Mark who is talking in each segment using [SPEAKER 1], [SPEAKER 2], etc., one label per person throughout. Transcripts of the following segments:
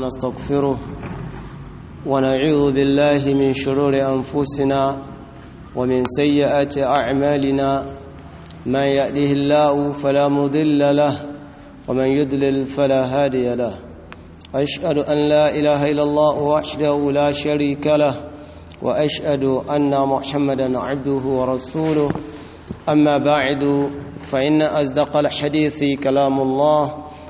[SPEAKER 1] ونستغفره ونعوذ بالله من شرور أنفسنا ومن سيئات أعمالنا من يأله الله فلا مضل له ومن يدلل فلا هادي له أشهد أن لا إله إلا الله وحده لا شريك له وأشهد أن محمدا عبده ورسوله أما بعد فإن أصدق الحديث كلام الله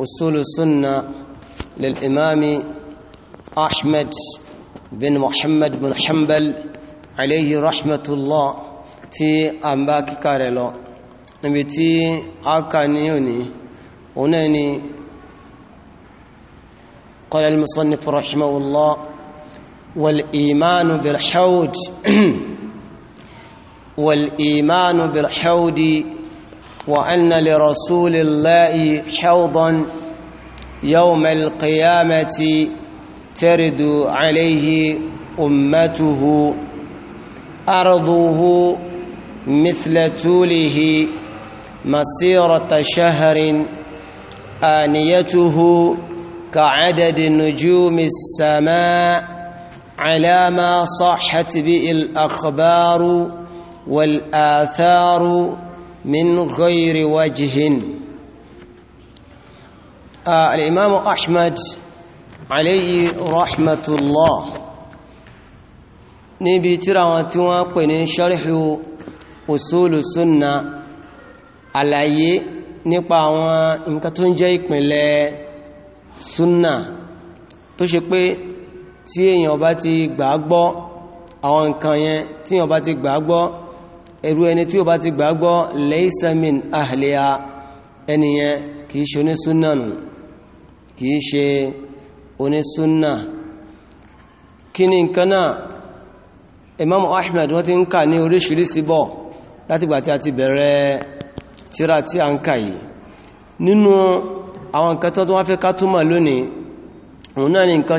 [SPEAKER 1] أصول السنة للإمام أحمد بن محمد بن حنبل عليه رحمة الله تي أمباك كارلو نبي تي أكانيوني lọ قال المصنف رحمه الله والإيمان بالحوض والإيمان بالحوض وأن لرسول الله حوضا يوم القيامة ترد عليه أمته أرضه مثل توله مسيرة شهر آنيته كعدد نجوم السماء على ما صحت به الأخبار والآثار من غير وجه آه الإمام أحمد عليه رحمة الله níbi tíra wọn tí wọ́n pè ní ṣọ́rìhù òṣòlù súnna àlàyé nípa àwọn nǹkan tó jẹ́ ìpìnlẹ̀ súnna tó ti gbàgbọ́ àwọn ti ẹ̀rú ẹni tí ó bá ti gbàgbọ́ laysa min ahliya ẹniyẹn kìí ṣe onísúnnà nù kìí ṣe onísúnnà kí ni nǹkan náà Imam Ahmed wọ́n ti ń kà ní oríṣiríṣi bọ̀ látìgbà tí a ti bẹ̀rẹ̀ tíra tí a ń kà yìí nínú àwọn nǹkan tó wá fẹ́ ká túmọ̀ lónìí òun náà ni nǹkan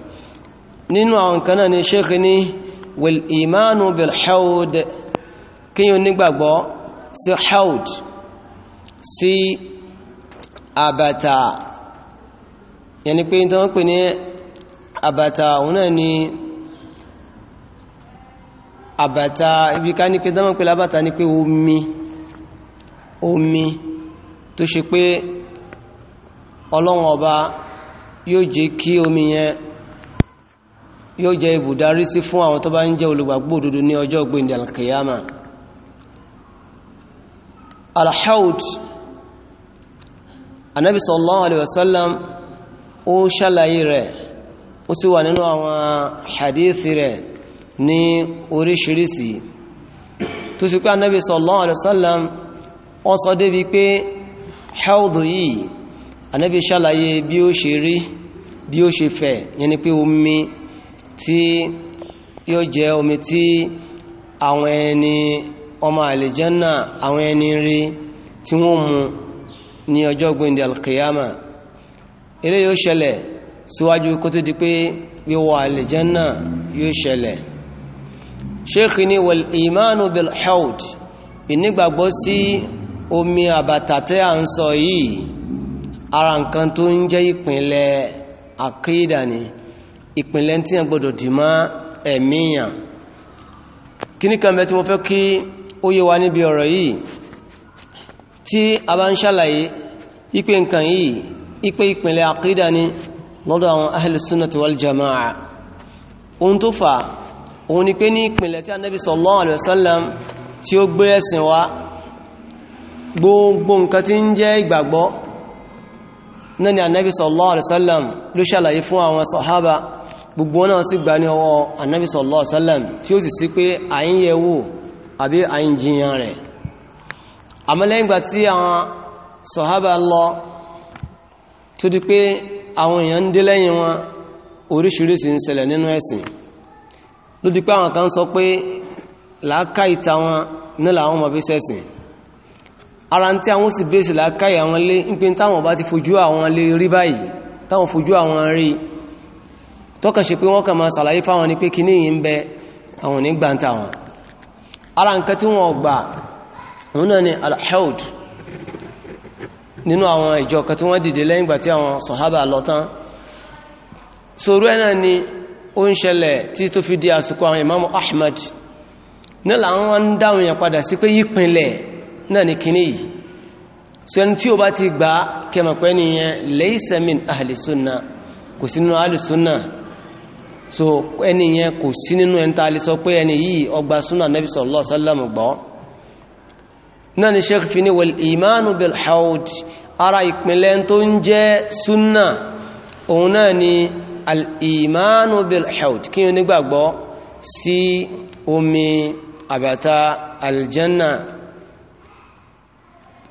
[SPEAKER 1] nínú àwọn kan náà ni sheikh ní wil imanu bil hawd kí yíò nígbàgbọ́ sí hawd sí àbàtà yẹni pé tí wọ́n pè ní àbàtà òun náà ni àbàtà ibi ká ní pé dámọ́ pé lábàtà ní pé omi omi tó ṣe pé ọlọ́run ọba yóò jẹ́ kí omi yẹn yóò jẹ́ ibùdarí sí fún àwọn tó bá ń jẹ́ olùgbàgbọ́ òdodo ní ọjọ́ gbẹ̀ndẹ̀ alkiyama alhaud anabi sallallahu alaihi wasallam ó ṣàlàyé rẹ̀ ó sì wà nínú àwọn hadithi rẹ̀ ní oríṣiríṣi tó sì pé anabi sallallahu alaihi wasallam ó sọ débi pé haud yìí anabi ṣàlàyé bí ó ṣe rí bí ó ṣe fẹ̀ yẹni pé omi tí yóò jẹ́ omi tí àwọn ẹni ọmọ àlìjánà àwọn ẹni rí tí wọ́n mu ní ọjọ́ gbìndì alkiyama ilé yóò ṣẹlẹ̀ síwájú kó tó di pé wíwọ àlìjánà yóò ṣẹlẹ̀ ṣéèkì ni wal imanu bil haud ìnígbàgbọ́ sí omi àbàtà tẹ́ à ń sọ yìí ara nǹkan tó ń jẹ́ ìpínlẹ̀ àkídà ni ìpìnlẹ̀ tí a gbọdọ̀ dì má ẹ̀míyàn kíní kan bẹ tí mo fẹ́ kí ó yé wa níbi ọ̀rọ̀ yìí tí a bá ń ṣàlàyé ipe nǹkan yìí ipe ìpìnlẹ̀ àkídà ni lọ́dọ̀ àwọn ahlu sunnati wal jama'a ohun tó fà òun ni pé ní ìpìnlẹ̀ tí anábì sallallahu alaihi wasallam tí náà ni anábì sallallahu alaihi ló ṣàlàyé fún àwọn sàhábà gbogbo náà sì gbá ní ọwọ́ annabi sallallahu alaihi wasallam tí ó sì sí pé àyín yẹ̀wò àbí àyín jiyàn rẹ̀ àmọ́lẹ́yìngbà tí àwọn sọ̀hábà lọ tó di pé àwọn èèyàn ń dé lẹ́yìn wọn oríṣiríṣi ń ṣẹlẹ̀ nínú ẹ̀sìn ló di pé àwọn kan sọ pé làákà ìta wọn nílà àwọn ọmọbí sẹ́sìn ara tí àwọn sì bèèsì làákà àwọn lé ń pin táwọn bá ti fojú àwọn lé rí báyìí táwọn fojú àwọn rí báyìí tọ́kà ṣe pé wọ́n kà máa sàlàyé fáwọn ní pé kí ní yìí ń bẹ àwọn ní gbáǹtà wọn ara nǹkan tí wọ́n gbà wọn náà ni alhaud nínú àwọn ìjọ kan tí wọ́n dìde lẹ́yìn ìgbà tí àwọn sọ̀hábà lọ́tán sòrú ẹ̀ náà ni ó ń ṣẹlẹ̀ tí tó fi di àsìkò àwọn imam kò sí nínú so ẹni yẹn kò sí nínú ẹni tá a lè sọ pé ẹni yìí ọgbà súnà nabi sallallahu alaihi wasallam gbọ́ náà ni sheikh fini wal imanu bil haud ara ìpínlẹ̀ tó ń jẹ́ súnà òun náà ni al imanu bil haud kí o nígbàgbọ́ sí omi àbàtà aljanna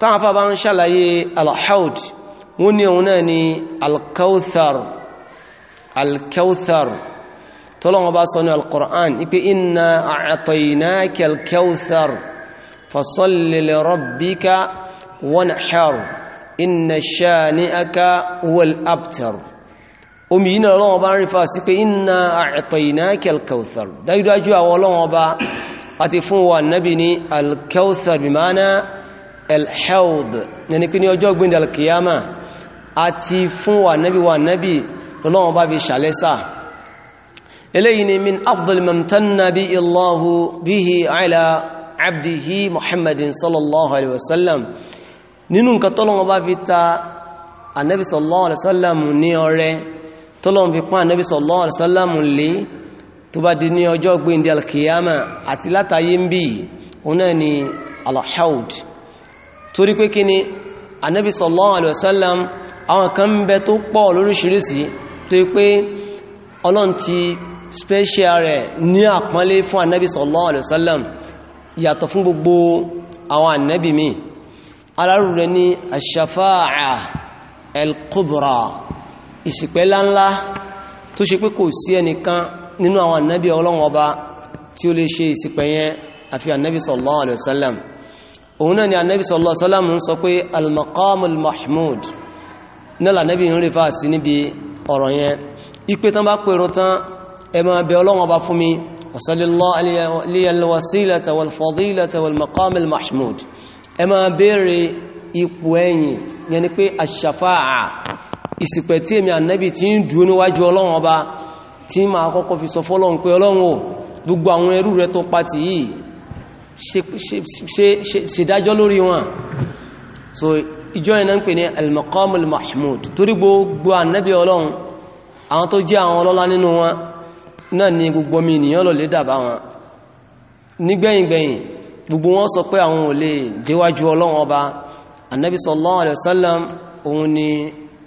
[SPEAKER 1] táwọn afá ń ṣàlàyé al wọ́n ní òun náà ni al kawthar tọ́lọ́wọ́ bá sọ ní alkùrán ipé inna a'ataynaka al-kawthar fasalli li rabbika wanhar inna shani'aka huwal abtar omi yìí náà lọ́wọ́ bá ń rífà sí pé inna a'ataynaka al-kawthar dájúdájú àwọn lọ́wọ́ bá àti fún wa nábi ní eléyìí ni min afdal mamtanna bihi Allahu bihi ala abdihi muhammadin sallallahu alaihi wasallam nínú nǹkan tọ́lọ́wọ́ bá fi ta anabi sallallahu alaihi wasallam ní ọrẹ tọ́lọ́wọ́ fi pán anabi sallallahu alaihi wasallam lè tó bá di ní ọjọ́ gbìndì alkiyama àti látàyé ń bí ọ̀nà ni alhaud torí pé kí ni anabi sallallahu alaihi wasallam àwọn kan bẹ tó pọ̀ lóríṣiríṣi tó yí pé ọlọ́n ti special rẹ̀ ní àpọ́nlé fún annabi sallallahu alaihi wasallam yàtọ̀ fún gbogbo àwọn annabi mi alárù rẹ̀ ní ashafa'a al-kubra ìṣìpẹ̀ láńlá tó ṣe pé kò sí ẹnìkan nínú àwọn annabi ọlọ́wọ́ ọba tí ó lè ṣe ìṣìpẹ̀ yẹn àfi annabi sallallahu alaihi wasallam òun náà ni annabi sallallahu alaihi wasallam ń sọ pé al-maqamul mahmud ẹ máa bẹ Ọlọ́run Ọba fún mi wasalillah aliyalwasilata walfadilata walmakamil mahmud ẹ máa bèèrè ipò ẹ̀yìn yẹni pé aṣàfáà ìsìpẹ̀ tí èmì ànẹ́bì tí ń dúó níwájú Ọlọ́run Ọba tí máa kọ́kọ́ fi so ìjọ ìná ń pè ní almakamil mahmud torí gbogbo ànẹ́bì Ọlọ́run àwọn tó jẹ́ àwọn ọlọ́lá nínú wọn náà ni gbogbo mi ènìyàn lọ lè dàbá wọn nígbẹ̀yìngbẹ̀yìn gbogbo wọn sọ pé àwọn ò lè déwájú ọlọ́run ọba anabi sallallahu alaihi wasallam òun ni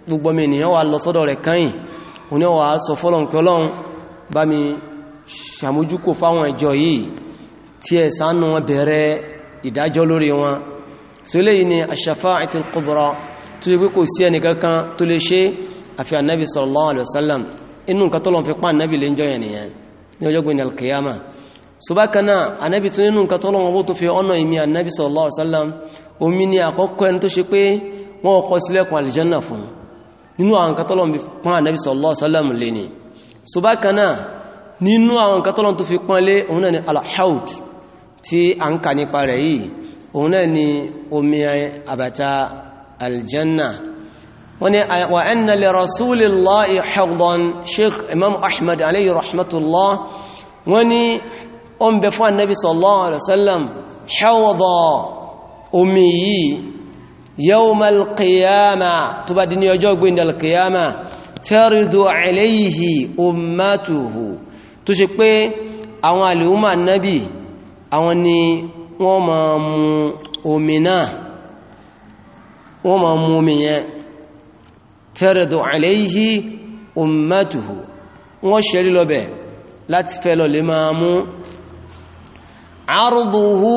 [SPEAKER 1] gbogbo mi ènìyàn wà lọ sọ́dọ̀ rẹ̀ kẹ́yìn òun ni wà á sọ fọ́lọ́n pé ọlọ́run bá mi ṣàmójúkò fáwọn ìjọ yìí tí ẹ sánú wọn bẹ̀rẹ̀ ìdájọ́ lórí wọn so eléyìí ni ash-shafa'atul kubra tó ṣe pé kò sí ẹnìkankan tó lè ṣe àfi anabi sallallahu alaihi wasallam inú nǹkan tọ́lọ́n fi pa ànábì lè ń jọ ènìyàn ní ọjọ́ gbìn alkiyama ṣùgbọ́n kan náà ànábì tún nínú nǹkan tọ́lọ́n owó tó fi ọ̀nà ìmí ànábì sallallahu alaihi wasallam omi ni àkọ́kọ́ ẹni tó ṣe pé wọ́n kọ́ sílẹ̀kùn aljanna fún nínú wọ́n ni wa anna li rasulillahi hawdan sheikh imam ahmad alayhi rahmatullah wọ́n ni ó ń bẹ fún annabi sallallahu alaihi wasallam hawda omi yìí yawmal qiyama tó bá di ní ọjọ́ gbẹ̀ndẹ̀ qiyama tẹ́rìdò àìlẹ́yìí ummatuhu tó ṣe pé àwọn àlèhúmà náàbì àwọn ni wọ́n ma mú omi náà wọ́n ma mú omi yẹn tẹ́rẹ̀dù àlẹ́yìí ummatuhu wọ́n ṣẹ̀rí lọ́bẹ̀ láti fẹ́ lọ lè máa mú arduhu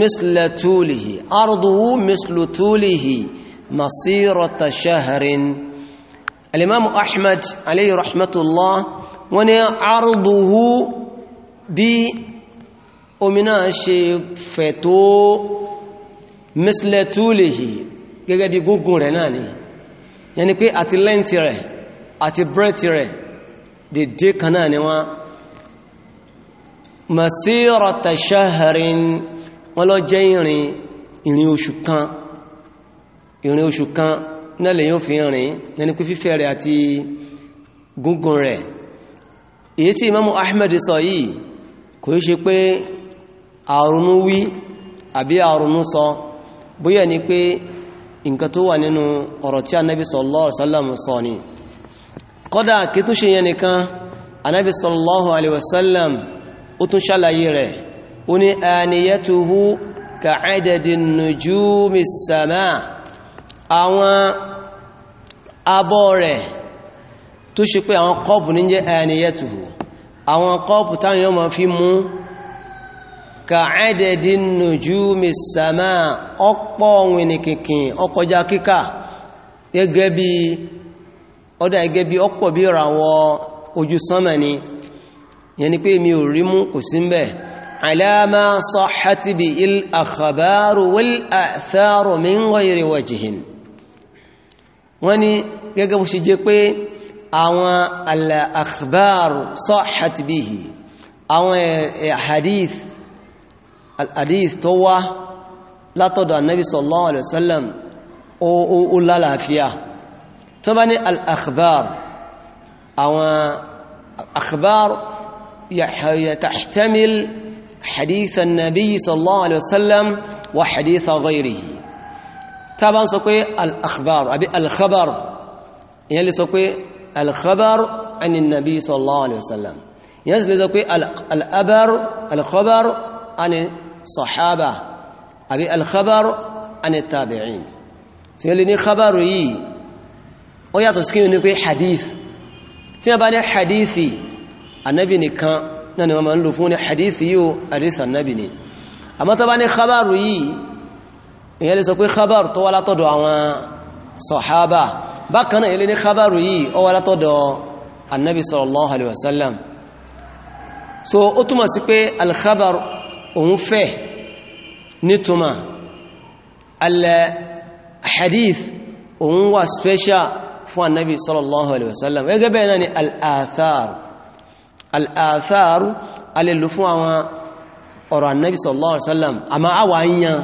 [SPEAKER 1] mislatulihi arduhu mislatulihi masirata shaharin alimamu ahmad alayhi rahmatullah wọ́n ní arduhu bí omi ṣe fẹ̀ tó gẹ́gẹ́ bí gúgùn rẹ̀ náà ni yẹn ni pé àti lẹ́ǹtì rẹ̀ àti brẹ́tì rẹ̀ dìde kan náà ni wọ́n masirata shahrin wọ́n lọ jẹ́ ìrìn ìrìn oṣù kan ìrìn oṣù kan náà lè yóò fi rìn yẹni pé fífẹ́ rẹ̀ àti gúngùn rẹ̀ èyí tí imamu ahmed sọ yìí kò í ṣe pé àrùnú wí àbí àrùnú sọ bóyẹ̀ ni pé nǹkan tó wà nínú ọ̀rọ̀ tí anábi sallallahu alaihi wasallam sọ ni kọ́dà kí tó ṣe yẹn nìkan anábi sallallahu alaihi wasallam ó tún ṣàlàyé rẹ̀ ó ní àníyàtuhu ka'adadi nujumi sama àwọn abọ́ rẹ̀ tó ṣe pé àwọn kọ́ọ̀pù ní jẹ́ àníyàtuhu àwọn kọ́ọ̀pù táwọn yóò fi mú kàádẹ̀dì nùjúmi sàmà ọ̀pọ̀ wìnì kìkìn ọkọjá kíkà gẹ́gẹ́ bí ọdá gẹ́gẹ́ bí ọ̀pọ̀ bí ìràwọ̀ ojú sánmà ni yẹn ni pé mi ò rí mú kò sí mbẹ̀ alama sahhati bi il akhbaru wal atharu الحديث توا لا تدع النبي صلى الله عليه وسلم او او لا لا فيها طبعا الاخبار او اخبار تحتمل حديث النبي صلى الله عليه وسلم وحديث غيره طبعا سوقي الاخبار ابي الخبر يلي سوقي الخبر عن النبي صلى الله عليه وسلم يلي سوقي الابر الخبر عن sọ̀hábà àbí alkhabar anitabi'in tí ó lè ní khabaru yìí ó yàtọ̀ sí kí ní pé hadith tí a bá ní hadithi annabi nìkan náà ni wọ́n ma ń lò fún ní hadithi yíò hadith annabi ni àmọ́ tó bá ní khabaru yìí èyàn lè sọ pé khabar tó wá látọ̀dọ̀ àwọn sọ̀hábà bákan náà ilé ní khabaru yìí ó òun fẹ́ nítúmà alẹ́ hadith òun wà special fún annabi sallallahu alaihi wasallam gẹ́gẹ́ bẹ́ẹ̀ náà ni al'atharu al'atharu alèlú fún àwọn ọ̀rọ̀ annabi sallallahu alaihi wasallam àmá àwà ń yan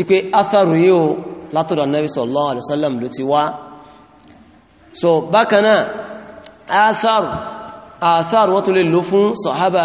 [SPEAKER 1] ipé atharu yíò látọ̀dọ̀ annabi sallallahu alaihi wasallam ló ti wá so bákanáà atharu atharu wọ́n tó lè lò fún sọ̀hábà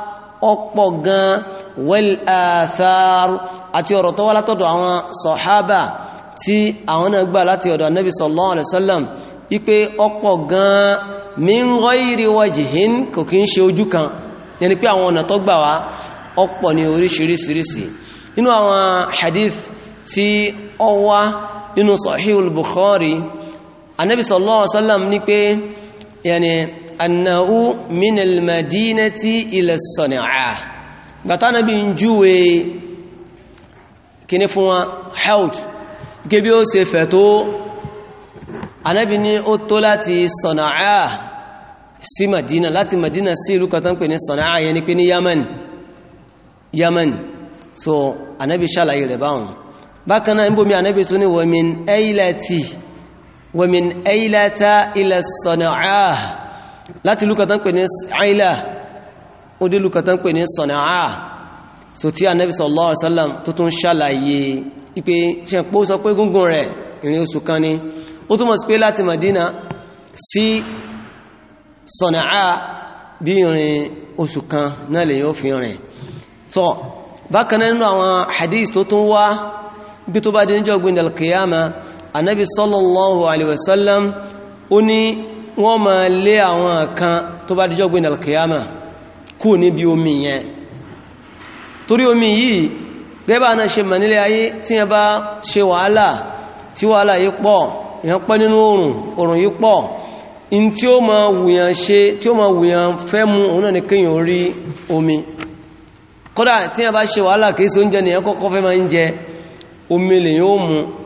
[SPEAKER 1] ọ̀pọ̀ gan wal athar àti ọ̀rọ̀ tó wá látọ̀dọ̀ àwọn sọ̀hábà tí àwọn náà gbà láti ọ̀dọ̀ anábì sallallahu alaihi wasallam ipe ọ̀pọ̀ gan min ghairi wajhin kò kí ń ṣe ojú kan yẹni pé àwọn ọ̀nà tó gbà wá ọ̀pọ̀ ní oríṣiríṣiríṣi nínú àwọn hadith tí ní pé yẹni annahu min almadinati ila sana'a bàtà nàbí ń júwe kíní fún wa health gẹ́bí ó ṣe fẹ̀ tó anábi ní ó tó láti sana'a sí madina láti madina sí ìlú kan tán pè sana'a yẹn ni pé ní yaman yaman so anábi ṣàlàyé rẹ̀ báhùn bákanáà ń bómi anábi tó ní wa min ailati wa min ailata ila sana'a láti lukatan pè ní Aila ó dé lukatan pè ní Sana'a so tí Ànábì sallallahu alaihi wasallam tó tún ṣàlàyé ipé ṣẹ̀pọ̀ sọ pé gúngùn rẹ̀ ìrìn oṣù kan ni ó túnmọ̀ sí pé láti Madina sí Sana'a bí ìrìn oṣù kan náà lè yóò fi rìn tọ́ bákanáà nínú àwọn hadith tó tún wá bí tó bá dé gbìndàl kìyàmà Ànábì sallallahu alaihi wọ́n ma lé àwọn kan tó bá díjọ́ gbìn alkiyama kú níbi omi yẹn torí omi yìí gẹ́bà náà ṣe mọ̀ nílé ayé tí ẹ bá ṣe wàhálà tí wàhálà yìí pọ̀ èyàn pẹ́ nínú oòrùn oòrùn yìí pọ̀ in tí ó ma wùyàn ṣe tí ó ma wùyàn fẹ́ mu òun náà omi kódà tí ẹ bá ṣe wàhálà kìí sí oúnjẹ nìyẹn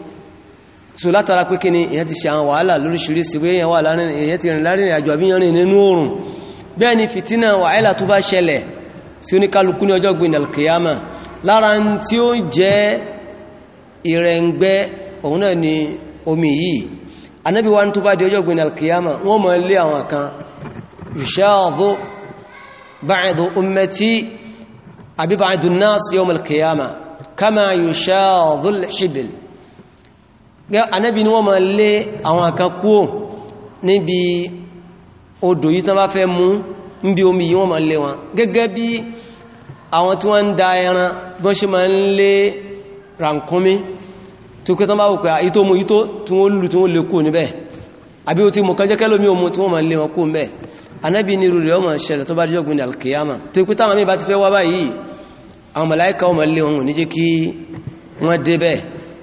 [SPEAKER 1] so látara pé kí ni èyàn ti ṣe àwọn wàhálà lóríṣìíríṣìí pé èyàn wà láàrin èyàn ti rìn láàrin àjò àbí yàn rìn nínú oòrùn bẹ́ẹ̀ ni fìtínà wàhálà tó bá ṣẹlẹ̀ sí oníkálukú ní ọjọ́ gbìn alkiyama lára tí ó jẹ́ ìrẹ̀ǹgbẹ́ òun náà ni omi yìí anábi ni wọ́n ma lé àwọn àkan kúò níbi odò yìí tán bá fẹ́ mú ń bí omi yìí wọ́n ma lé wọn gẹ́gẹ́ bí àwọn tí wọ́n ń da ẹran bọ́n ṣe ma ń lé ràǹkúnmí tó kẹ́ tán bá wùpẹ́ ìtò mú ìtò tí wọ́n lù tí wọ́n lè kú níbẹ̀ àbí o ti mú kan lómi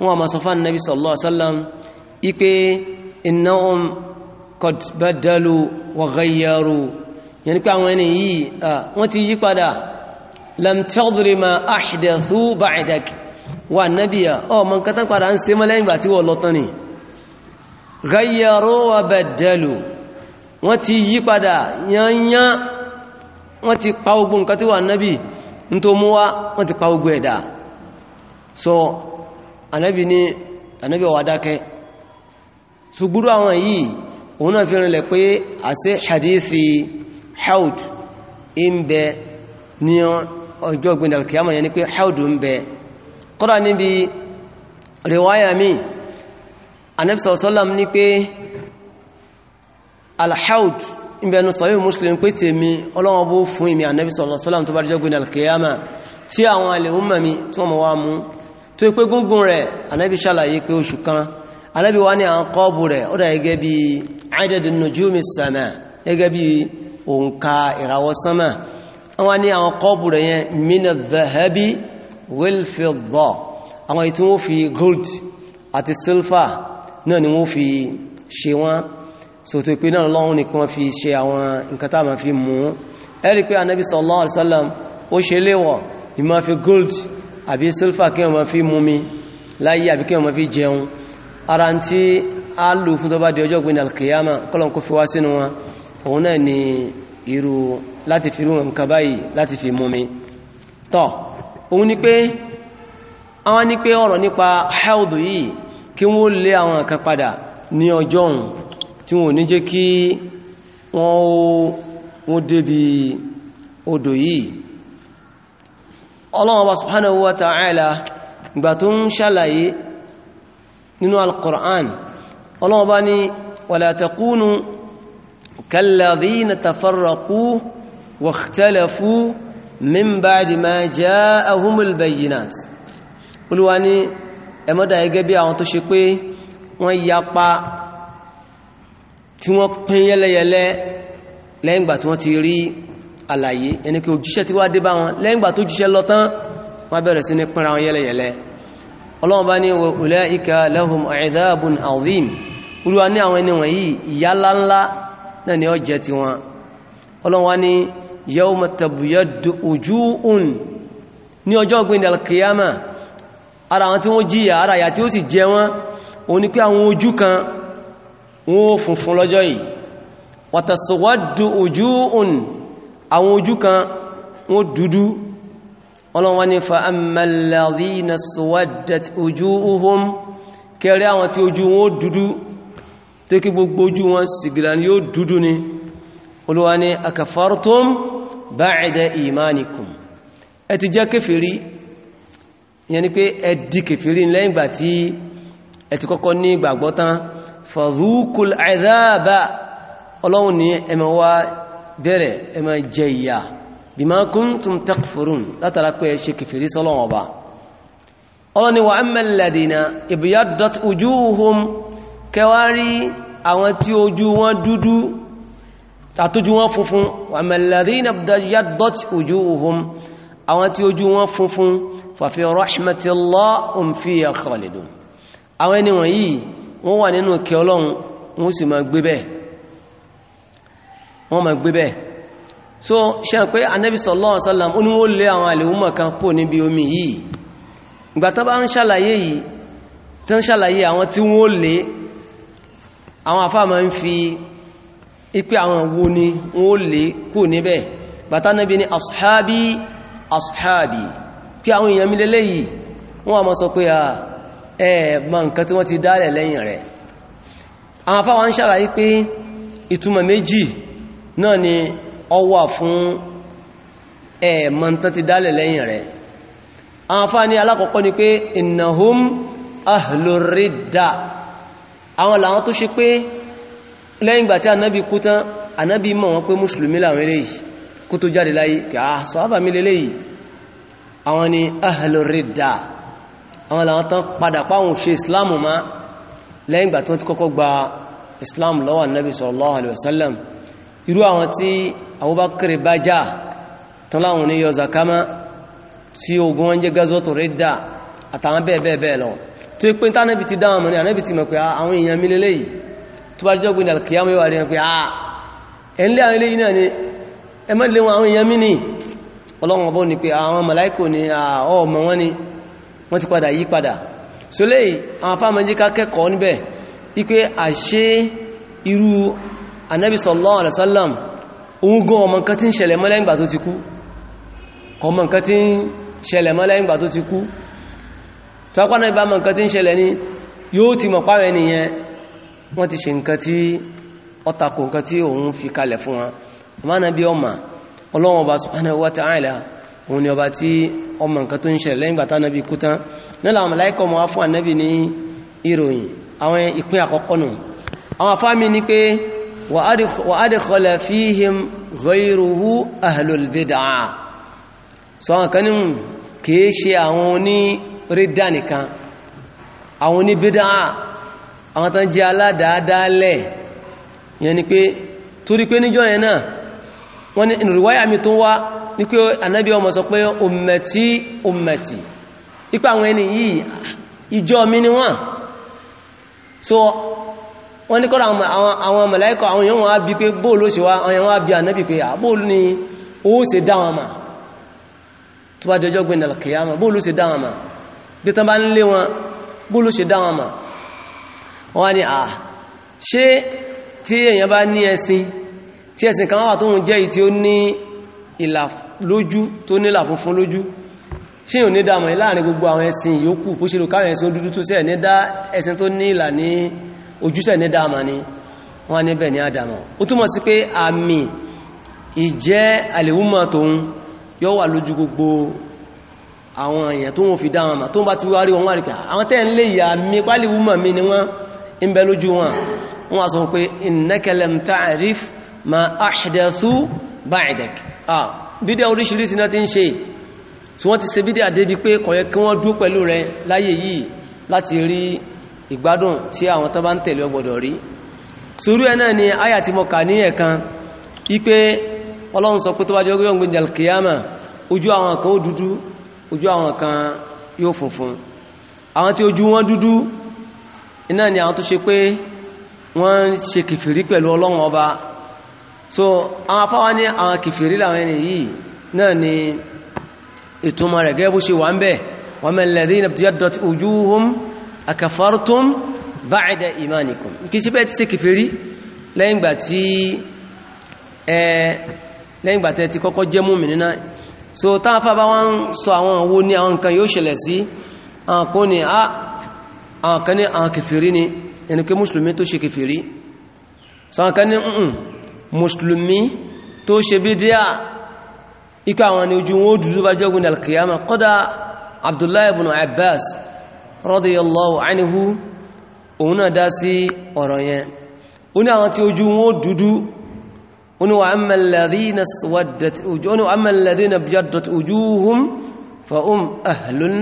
[SPEAKER 1] wọ́n ma sọ fán nabi sallallahu alaihi wasallam ipé innahum qad badalu wa ghayyaru yẹni pé àwọn ẹni yìí wọ́n ti yí padà lam tadri ma ahdathu ba'dak wa nabiya ọ mọ̀ nǹkan tán padà ń ṣe mọ́ lẹ́yìn gbà tí wọ́n lọ́tán ni ghayyaru wa badalu wọ́n so anábì ní anábì wà dákẹ́ ṣùgbúrú àwọn yìí òun náà fi rìnlẹ̀ pé àṣẹ hadithi haud in bẹ ní ọjọ́ ìgbìndà kìyàmà yẹn ni pé haud ń bẹ kọ́dà níbi riwaya mi anábì sọ̀sọ́lám ní pé alhaud ìbẹ̀nu sọ̀yí muslim pé tèmi ọlọ́wọ́n bó fún ìmì ànẹ́bìsọ̀lọ́sọ́lám tó bá jọ́gbìn alkiyama tí àwọn alẹ́ tó pé gúngún rẹ̀ anábi ṣàlàyé pé oṣù kan anábi wá ní àwọn kọ́ọ̀bù rẹ̀ ó dà gẹ́gẹ́ bí adadun nujumi sama gẹ́gẹ́ bí òǹkà ìràwọ̀ sánmà wọ́n ní àwọn kọ́ọ̀bù rẹ̀ yẹn mina dhahabi wal fidda àwọn ètò wọ́n fi gold àti silver náà ni wọ́n fi ṣe wọ́n so tó pé náà lọ́wọ́n ni wọ́n fi ṣe àwọn nǹkan tá ma fi mú ẹ́rí pé anábi sallallahu àbí sílfà kí wọ́n fi mumi láyé àbí kí wọ́n fi jẹun ara tí a lò fún tó bá di ọjọ́ gbìn alkiyama kọ́lọ̀ kó fi wá sínú wọn òun náà ni irú láti fi rúrùn nǹkan báyìí láti fi mumi tọ́ òun ni pé àwọn ní pé ọ̀rọ̀ nípa haidu yìí kí wọ́n lé àwọn kan padà ní ọjọ́ tí wọ́n ní jẹ́ kí wọ́n débi odò yìí ọlọ́wọ́ bá subhanahu wa ta'ala ìgbà tó ń ṣàlàyé nínú al-Qur'an ọlọ́wọ́ bá ní wala takunu kalladhina tafarraqu wakhtalafu min ba'di ma ja'ahumul bayyinat olúwa ní ẹmọ́dà gẹ́gẹ́ bí àwọn tó ṣe pé wọ́n yapa tí wọ́n pín yẹ́lẹ́yẹ́lẹ́ lẹ́yìn ìgbà tí wọ́n ti rí àlàyé ẹni kí òjíṣẹ́ ti wá dé bá wọn lẹ́yìn ìgbà tó jíṣẹ́ lọ tán wọ́n bẹ̀rẹ̀ sí ní pínra wọn yẹ́lẹ̀yẹ̀lẹ́ ọlọ́run bá ní wa ulaika lahum adhabun azim olúwa ní àwọn ẹni wọ̀nyí ìyà ńláńlá náà ni ó jẹ́ ti wọn ọlọ́run wá ní yawma tabyaddu wujuhun ní wa taswaddu wujuhun àwọn ojú kan wọ́n dúdú ọlọ́wọ́n ni fa amàlàdínà sọ́wọ́dàtí ojú uhum kẹrẹ àwọn tí ojú wọn dúdú tó kí gbogbo ojú wọn sìgìlà ni yóò dúdú ni olúwa ni akafartum ba'da imanikum ẹ ti jẹ́ kèfèrí yẹn ni pé ẹ di kèfèrí lẹ́yìn ìgbà tí ẹ ti kọ́kọ́ ní ìgbàgbọ́ tán fadhukul adhaba ọlọ́run ni ẹmọ bẹ̀rẹ̀ ẹ máa jẹ ìyà bima kuntum takfurun látara pé ẹ ṣe kìfìrí sọ́lọ́wọ́n ọba ọlọ́ni wa ammal ladina ibiyaddat wujuhum kẹwàárí àwọn tí ojú wọn dúdú àtójú wọn funfun wa ammal ladina ibiyaddat wujuhum àwọn tí ojú wọn funfun fafi rahmatillah um wọ́n ma gbé bẹ́ẹ̀ so ṣe pé Ànábì sallallahu alaihi wasallam ó ní wọ́n lé àwọn àlèhùnmọ̀ kan pò níbi omi yìí ìgbà tó bá ń ṣàlàyé yìí tó ń ṣàlàyé àwọn tí wọ́n lé àwọn àfáà ń fi ipé àwọn wo ni wọ́n lé kò níbẹ̀ bàtà Ànábì ni ashabi ashabi kí àwọn èèyàn mi a ma sọ pé ẹ̀ẹ̀mọ̀ nǹkan tí wọ́n ti dálẹ̀ lẹ́yìn rẹ̀ àwọn afáwọn náà ni ọ wà fún ẹ̀ẹ̀mọ̀ntán ti dálẹ̀ lẹ́yìn rẹ̀ àwọn afá ní alákọ̀ọ́kọ́ ni pé innahum ahlurridda àwọn làwọn tó ṣe pé lẹ́yìn gbà tí anábi kú tán anábi mọ̀ wọn pé mùsùlùmí làwọn eléyìí kó tó jáde láyé kí a ah, sọ ábà mi lélẹ́yìí àwọn ni ahlurridda àwọn làwọn tán padà páwọn ṣe islamu ma lẹ́yìn gbà tí wọ́n ti kọ́kọ́ gba islam lọ́wọ́ anábi sallallahu alaihi wasallam irú àwọn tí Abubakar bá já tán láwọn oníyọ zakama tí ogun wọn jẹ́ gazọ́tò rẹ̀ dà àtàwọn bẹ́ẹ̀ bẹ́ẹ̀ bẹ́ẹ̀ lọ tó pín tánàbì ti dáwọn mọ̀ní ànábì ti mọ̀ pé ah, àwọn èèyàn mi lélẹ́ ah, ni ẹ mọ́ lé ni ọlọ́run ọbọ̀ ni pé ah, àwọn màláíkò ni ọmọ wọn ni wọ́n ti padà yí padà so léyìí àwọn afáàmọ́jíká kẹ́kọ̀ọ́ irú anábi sallallahu alaihi wasallam òun gan ọmọ nǹkan tí ń ṣẹlẹ̀ mọ́ lẹ́yìn ìgbà tó ti kú ọmọ nǹkan tí ń ṣẹlẹ̀ mọ́ lẹ́yìn ìgbà tó ti kú tọ́pọ̀ náà ìbámọ̀ nǹkan tí ń ṣẹlẹ̀ ní yóò ti mọ̀ pàwẹ̀ nìyẹn wọ́n ti ṣe nǹkan tí ọtakò nǹkan tí òun fi kalẹ̀ fún wọn àwọn ìpín àkọ́kọ́ nù àwọn afámi ni pé وأدخل فيهم غيره أهل البدعة سواء كانوا كيشي أوني ردانكا أوني بدعة àwọn tán jẹ́ aládáadáalẹ̀ yẹn ni pé torí pé níjọ́ yẹn náà wọ́n ni ìrìwáyà mi tó wá ní pé ànábí ọmọ sọ pé ummati ummati ipa àwọn ẹni yìí ìjọ mi ni wọ́n so wọ́n ní kọ́rọ àwọn màláíkà àwọn èèyàn wọ́n á bí pé bóò ló ṣe wá àwọn èèyàn wọ́n á bí ànábì pé bóò ní ó ṣe dáwọn mà tó bá dọjọ́ gbé nàlàkìyàmà bóò ló ṣe dáwọn mà bí tán bá ń lé wọn bóò ló ṣe dáwọn mà wọ́n ní à ṣé tí èèyàn bá ní ẹ̀sìn tí ẹ̀sìn kan wà tó ń jẹ́ ìtí ó ní ìlà lójú tó nílà funfun ò ní dámọ̀ láàrin gbogbo àwọn ẹ̀sìn yòókù kó ṣe lò káwọn ẹ̀sìn ó tó sẹ́ẹ̀ ní dá ẹ̀sìn tó ní ìlà ní ojúṣẹ̀ ní dáàmà ni wọ́n níbẹ̀ ní àdàmà ó túnmọ̀ sí pé àmì ìjẹ́ àlèwúmọ̀ tóun yọ́ wà lójú gbogbo àwọn èèyàn tó wọ́n fi dáwọn àmà tó bá ti wárí wọn wárí pé àwọn tẹ́ ń lè yà mí pálíwúmọ̀ mi ni wọ́n láti rí ìgbádùn tí àwọn tán bá ń tẹ̀lé ọgbọ̀dọ̀ rí sùúrù ẹ̀ náà ni àyà tí mo kà ní ẹ̀kan ipé ọlọ́run sọ pé tó bá jẹ́ ogójì ọgbìn jalkiyama ojú àwọn kan ó dúdú ojú àwọn kan yóò funfun àwọn tí ojú wọn dúdú iná ni àwọn tó ṣe pé wọ́n ṣe kìfìrí pẹ̀lú ọlọ́run ọba so àwọn afáwa ní àwọn kìfìrí làwọn ẹni yìí náà ni ìtumọ̀ rẹ̀ gẹ́gẹ́ bó ṣe wà ń bẹ̀ wa man ladhina ibtiyaddat wujuhum akafartum ba'da imanikum kì í ṣe bẹ́ẹ̀ ti ṣe kìfèrí lẹ́yìn gbà tí ẹ lẹ́yìn gbà tẹ́ ti kọ́kọ́ jẹ́ mùmínì náà so táwọn fábá wọ́n ń sọ àwọn owó ní àwọn nǹkan yóò ṣẹlẹ̀ sí àwọn kò ní ah, àwọn kan ní àwọn kìfèrí ni ẹni pé mùsùlùmí tó ṣe kìfèrí so àwọn kan ní ǹ mùsùlùmí tó ṣe bídíà ikú àwọn ni ojú wọn ó dúdú bá jọ́gun alkiyama kọ́dá Abdullahi ibn Abbas radiyallahu anhu òun náà dá sí ọ̀rọ̀ yẹn ó ní àwọn tí ojú wọn dúdú ó ní wa amma alladhina swaddat wujuhum ó ní wa amma alladhina byaddat wujuhum fa hum ahlun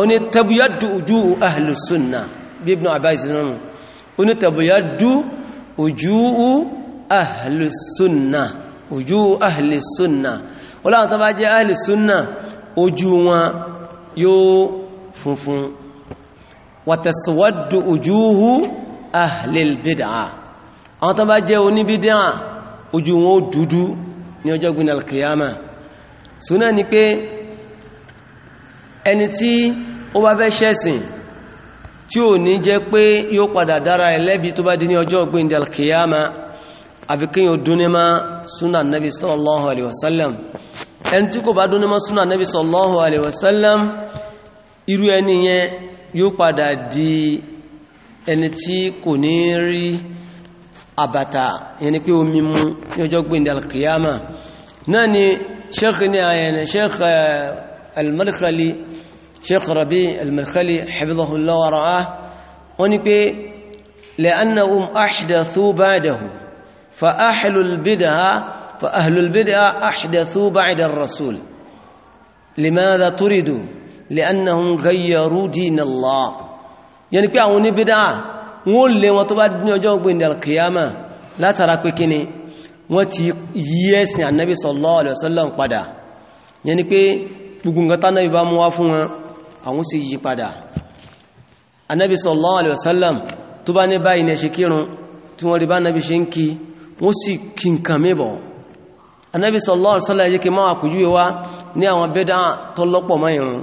[SPEAKER 1] ó ní tabyaddu wujuhu ahlu sunnah bí Ibn Abbas náà ó ní tabyaddu wujuhu ahlu sunnah wujuhu ahlu sunnah ó láwọn tó bá jẹ́ ojú wọn yóò funfun wàtẹ̀síwádùú ojúhu ahlilbidà àwọn ah bá jẹ́ oníbidà ojú wọn ó dúdú ní ọjọ́ gbìn alkiyama súnà ni pé ẹni tí ó bá fẹ́ ṣẹ̀sìn tí ò ní jẹ́ pé yóò padà dára ẹlẹ́bi tó bá di ní ọjọ́ gbìn alkiyama àfikín yóò dúnni má súnà nabi sallallahu alaihi wasallam ẹni ko ba bá dúnni má súnà nabi sallallahu alaihi wasallam iru ẹni yóò padà di ẹni tí kò ní rí àbàtà yẹni pé omi mú ní ọjọ́ gbìndì alkiyama náà ni sheikh ni ayẹni eh, sheikh eh, almarkhali sheikh rabi almarkhali hafidhahullah wa ra'ah wọ́n ni pé la'annahum ahdathu ba'dahu fa ahlul bid'a fa rasul limadha turidu li'annahum ghayyaru dinallah yẹni pé àwọn oníbídá wọ́n lè wọn tó bá ní ọjọ́ ọgbìn al-qiyama látara pé kíni wọ́n ti yí ẹ̀sìn annabi sallallahu alaihi wasallam padà yẹni pé gbogbo nǹkan tánà ìbá mú wá fún wọn àwọn sì yí padà annabi sallallahu alaihi wasallam tó bá ní báyìí ní ṣe kírun tí wọ́n rí bá sì kí mẹ́bọ̀ annabi sallallahu alaihi wasallam kí máa kùjú wa ní àwọn bẹ́dá tọ́lọ́pọ̀ mọ́ ìrun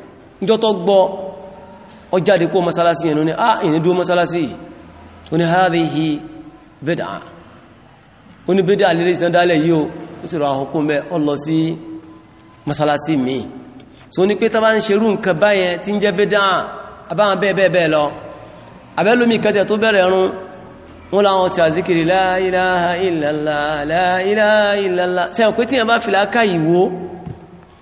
[SPEAKER 1] ìjọ tó gbọ́ ọ jáde kó masalasi yẹn ní ah ìní dúó masalasi oní hadhihi bid'a oní bid'a lílé ìsìn dálẹ̀ yíò ó ti rọ àhùnkún mẹ́ ọ lọ sí masalasi mi so ní pé tàbá ń ṣerú nǹkan báyẹn tí ń jẹ́ bid'a abáwọn bẹ́ẹ̀ bẹ́ẹ̀ lọ abẹ́lómi la ilaha la ilaha illallah sẹ́yìn pé tí yẹn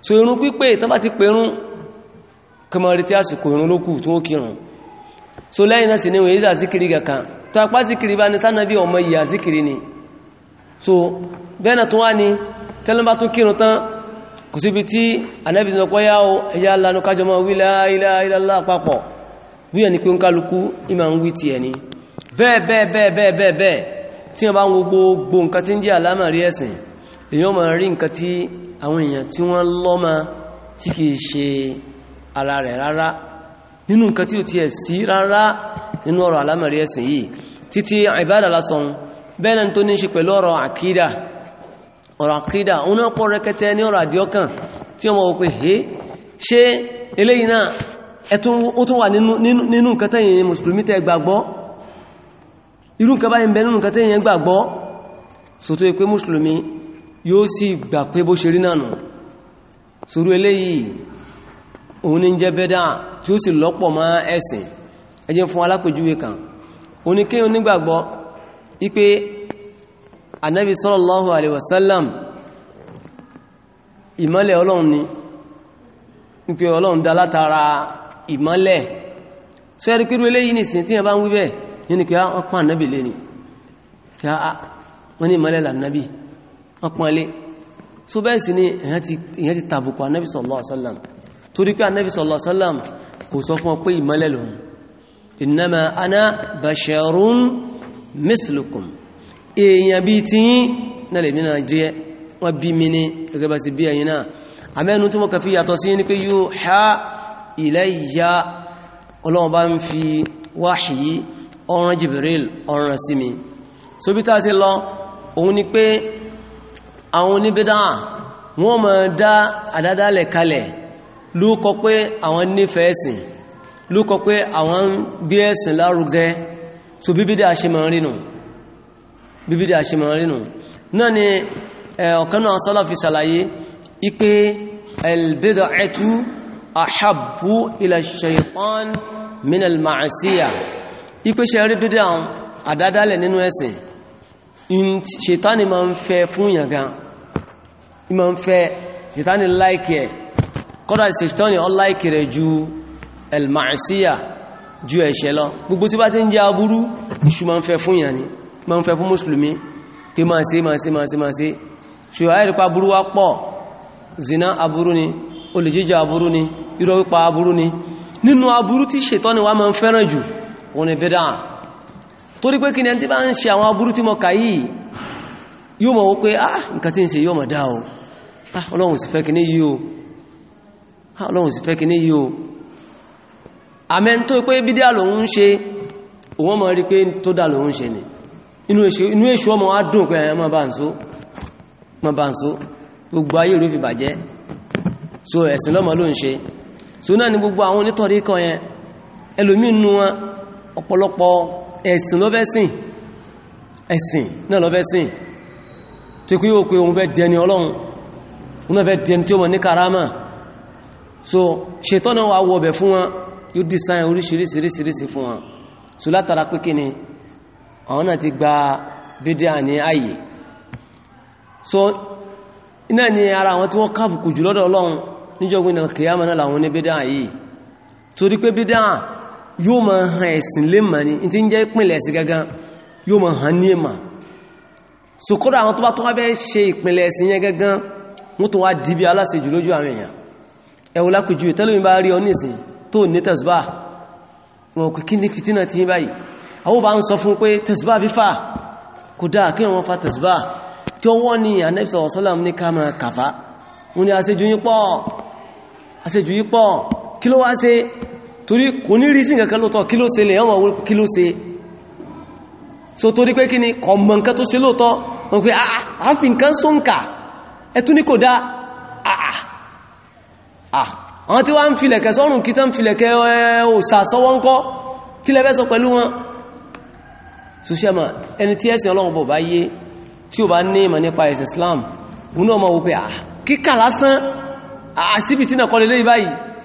[SPEAKER 1] so irun pípé tán bá ti pèrún kọmọrí tí àsìkò irun lókù tí wọ́n kírun so lẹ́yìn náà sì ní wèyí àzíkiri kankan tó apá síkiri bá ní sánàbí ọmọ ìyà àzíkiri ni so bẹ́ẹ̀nà tó wá ní tẹ́lẹ́mbá tún kírun tán kò síbi tí Ànábì sọ la ilaha illallah papọ̀ bí ẹni pé ń kálukú ìmà ń wí ti ẹni bẹ́ẹ̀ bẹ́ẹ̀ bẹ́ẹ̀ bẹ́ẹ̀ bẹ́ẹ̀ tí wọ́n bá èyàn ma rí nǹkan tí àwọn èèyàn tí wọ́n lọ́mà tí kìí ṣe ara rẹ̀ rárá nínú nǹkan tí ó ti ẹ̀ sí rárá nínú ọ̀rọ̀ alámẹ̀rí ẹ̀sìn yìí títí ìbádà lásán bẹ́ẹ̀ tó ní ṣe pẹ̀lú ọ̀rọ̀ àkídà ọ̀rọ̀ àkídà oní ọ̀pọ̀ rẹkẹtẹ ní ọ̀rọ̀ àdíọ́kàn tí wọ́n wọ́n pé he ṣe eléyìí náà ẹ̀tún ó tún wà nínú nǹkan tẹ́yìn mùsùlùmí tẹ́ gbàgbọ́ irú nǹkan báyìí bẹ nínú nǹkan tẹ́yìn gbàgbọ́ sọ tó yẹ pé mùsùlùmí yóò sì gbà pé bó ṣe rí nànà sórú eléyìí òun ní jẹ́ bẹ́dá tí ó sì lọ́pọ̀ má ẹ̀sìn ẹjẹ́ fún alápèjúwe kan oníkéyàn nígbàgbọ́ wípé anábi sallallahu alaihi ìmọ́lẹ̀ ọlọ́run ni wípé ọlọ́run dá látara ìmọ́lẹ̀ sọ ẹ̀rí pírú eléyìí nìsìn tí ẹ bá ń ah, ni kí ah, wọ́n wọ́n ọpọlẹ so bẹ́ẹ̀ sí ni ìyẹn ti tàbùkù anábì sallallahu alaihi wasallam torí pé anábì sallallahu alaihi wasallam kò sọ fún ọ pé ìmọ́lẹ̀ lòun innama ana basharun mislukum èèyàn bí ti yín náà lè mìíràn jẹ́ wọ́n bí mi ní gẹ́gẹ́ bá sì bí ẹ̀yin náà àmẹ́nu tí mo kà fi yàtọ̀ àwọn oníbídá wọ́n ma dá àdádálẹ̀ kalẹ̀ lúkọ pé àwọn nífẹ̀ẹ́ ẹ̀sìn lúkọ pé àwọn bí ẹ̀sìn lárugẹ so bíbídá ṣe ma rínú bíbídá ṣe ma rínú náà ni ọ̀kan náà sálàfi ṣàlàyé ipé albid'atu ahabbu ila ṣètánì ma ń fẹ́ fún yànga ma ń fẹ́ ṣètánì láìkì ẹ̀ kọ́dá ṣètánì ọ láìkì rẹ̀ ju elmaṣíyà ju ẹ̀ṣẹ̀ lọ gbogbo tí bá ti ń jẹ́ aburú iṣu ma ń fẹ́ fún yàní ma ń fẹ́ fún mùsùlùmí pé ma ṣe ma ṣe ma ṣe ma ṣe ṣùgbọ́n àìrípa torí pé kí ni ẹni tí bá ń ṣe àwọn aburú tí mọ kàyí yíò mọ̀ wípé ah nǹkan tí ń ṣe mọ̀ dá ah ọlọ́run sì fẹ́ kì ní yíò ọlọ́run sì fẹ́ kí ní ṣe òun mọ̀ rí pé tó dá lòun ṣe ni inú èṣù ọmọ á pé bá ń so gbogbo ayé fi so ẹ̀sìn lọ́mọ ló ń ṣe so náà ni gbogbo àwọn onítọ̀rí kan ẹ̀sìn lọ́fẹ́sìn ẹ̀sìn náà lọ́fẹ́sìn tí kú yóò pé òun fẹ́ dẹni ọlọ́run òun fẹ́ dẹni tí ó mọ̀ ní karama so ṣètọ́nà wà wọ̀bẹ̀ fún wọn yóò design oríṣiríṣiríṣiríṣi fún wọn so látara pé kí ni àwọn náà ti gba bídíà ní ààyè so iná ni ara àwọn tí wọ́n kábùkù jù lọ́dọ̀ ọlọ́run níjọ́gbìn alkiyama náà làwọn ní bídíà yìí torí pé bídíà yóò ma hàn ẹ̀sìn lè mà ní tí ń jẹ́ ìpínlẹ̀ ẹ̀sìn gangan yóò ma hàn ní èmà so kọ́dọ̀ àwọn tó bá tó wá bẹ́ ṣe ìpínlẹ̀ ẹ̀sìn yẹn gangan wọ́n tó wá di bí aláṣejù lójú àwọn èèyàn ẹ̀wọ̀ lákòjú tẹ́lómi bá rí ọ́nìsìn tó ní tẹ̀sùbá wọn kò kí ní fìtínà ti báyìí àwọn bá ń sọ fún pé tẹ̀sùbá fífà kò ló wá ṣe torí kò ní rí sí nǹkan lóòtọ́ kí ló ṣe lè ọmọ orí kí ló ṣe so torí pé kí ni kọmọ nǹkan tó ṣe lóòtọ́ wọn pé àà ah, ah, fi nǹkan só ń kà ẹtún ní kò dá ah, àwọn tí wá ń filẹ̀kẹ̀ sọ́rùn kí tán filẹ̀kẹ̀ òsà sọ́wọ́ ńkọ́ kí lẹ́fẹ́ sọ pẹ̀lú wọn so ma ẹni tí ẹ̀sìn ọlọ́run bọ̀ bá yé tí Islam òun náà ma wo pé kíkà lásán àsìbìtì báyìí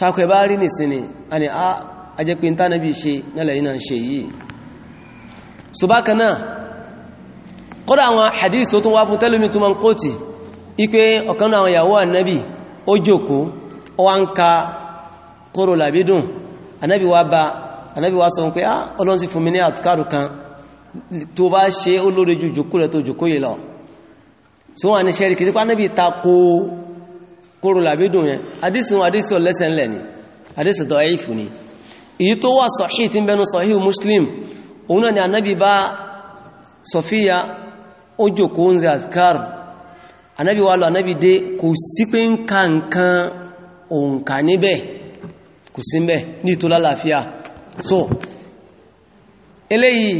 [SPEAKER 1] takọ̀ ẹ̀bá rí nìsinmi a ni ah, a ajẹ́ pé ta nábi ṣe nílẹ̀ iná ṣe yìí so bákan náà kọ́dọ̀ àwọn hadith tó tún wá fún tẹ́lómi tó máa ń kóòtì ipé ọ̀kan àwọn ìyàwó ànábì ó jòkó ó wá ń ka kóró làbídùn ànábì wá bá ànábì wá sọ pé ah fún mi ní àtúkárù kan tó bá ṣe ó lórí ju jòkó rẹ̀ tó jòkó yìí lọ so wọ́n ní ṣẹ́rí kìí kóró làbí dùn yẹn àdísì wọn àdísì ọlẹ́sẹ̀ ńlẹ̀ ni àdísì tọ́ ẹ̀yìfù ni èyí tó wà sọ̀hí tí ń bẹnu sọ̀hí muslim òun náà ni anábì bá sọ̀fíya ó jòkó ń rí azkar anábì wà lọ anábì dé kò sí pé ń ka nǹkan òǹkà níbẹ̀ kò sí mbẹ̀ ní ìtò lálàáfíà so eléyìí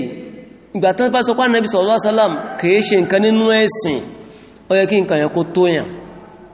[SPEAKER 1] ìgbà tán bá sọ pé anábì sallallahu alaihi wasallam kìí ṣe nǹkan nínú ẹ̀sìn ó yẹ kí nǹkan yẹn kó tó yàn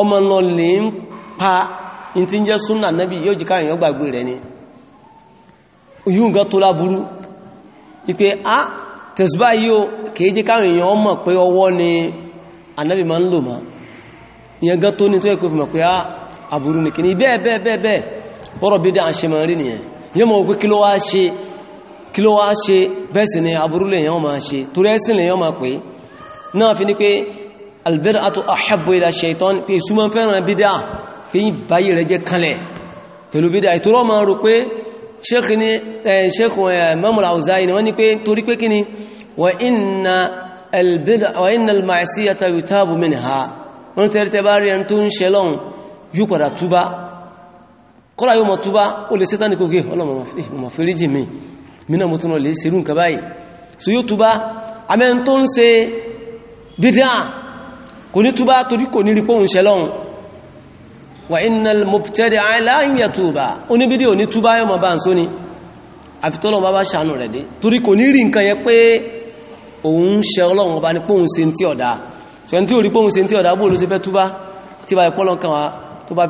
[SPEAKER 1] ọmọ lọ lè ń pa in ti ń jẹ́ súnà nẹ́bí yóò jí káàyàn gbàgbé rẹ̀ ni yíò nǹkan tó láburú ipé a tẹ̀sùbá yíò kìí jí káàyàn ọmọ pé ọwọ́ ni anẹ́bí ma ń lò ma ìyẹn gan tó ní tó ẹ̀kọ́ fìmọ̀ pé a àbúrú ní kìí bẹ́ẹ̀ bẹ́ẹ̀ bẹ́ẹ̀ albid'atu ahabbu ila shaitan pé suman fẹ́ràn bid'a pé bayi rẹ̀ jẹ́ kanlẹ̀ pẹ̀lú bid'a itoro ma rò pé sheikh ni eh sheikh imam al-auza'i ni wọ́n ní pé torí pé kíni wa inna albid'a wa inna al-ma'siyata yutabu minha wọ́n tẹ̀rí tẹ́ bá rí en tún ṣe lọ́hùn yu padà túbá kola yo mo túbá ó lè setan ko ge Ọlọ́run ma fi ma mi mi na mo tún lè ṣe run kan so yo túbá amen tún ṣe bid'a kò ní túbá torí kò ní rí pòun ṣe lọ́hun wà innal mubtadi'a la yatuba oníbídí ò ní túbá yọ bá ń só ni àfitọ́lọ̀ bá bá ṣàánú rẹ̀ dé torí kò ní rí nǹkan yẹn pé òun ṣe ọlọ́run ọba ní pòun ṣe tí ọ̀dá ṣe tí ò rí pòun ṣe tí ọ̀dá bóòlù sí fẹ́ túbá tí bá ìpọ́lọ̀ kan wá tó bá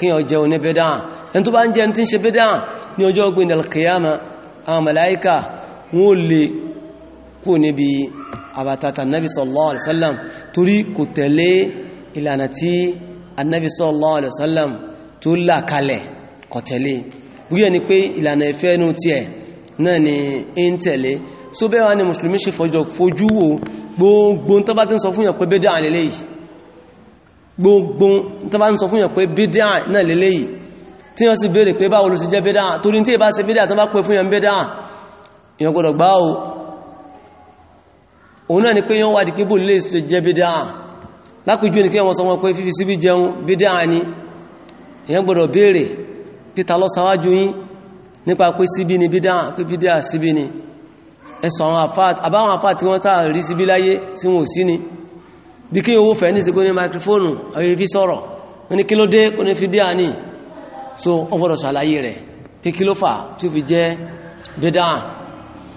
[SPEAKER 1] kí ọ jẹun ní bídá ẹni tó bá ń jẹ tí ń ṣe bídá ní ọjọ́ ọgbìn alkiyama àwọn mẹ́láíkà wọ́n lè kú níbi àbátata annabi sallallahu alaihi wasallam torí kò tẹ̀lé ìlànà tí annabi sallallahu alaihi wasallam tó là kalẹ̀ kò tẹ̀lé wíyẹ̀ ni pé ìlànà ìfẹ́ inú tiẹ̀ gbogbo tó bá ń sọ fún yàn pé bídá náà lélẹ́ yìí tí wọ́n sì bèèrè pé báwo ló sì jẹ́ bídá torí tí ìbá ṣe bídá tó bá pè fún yàn bídá èyàn gbọ́dọ̀ gbá o òun náà ni pé yàn wà dìkí lè sì jẹ́ bídá lápìjú ní kí wọ́n sọ wọn pé ni èyàn gbọ́dọ̀ bèèrè peter lọ sáwájú yín nípa pé síbí ni bídá pé bídá síbí ni ẹ̀sọ̀ àwọn àfáà àbáwọn ni bí kí owó fẹ́ ní ṣe kó ní microphone àwọn fi sọ̀rọ̀ ní kí ló dé kó ní fi dé àní so rẹ̀ kí ló fà tí ó fi jẹ́ bídá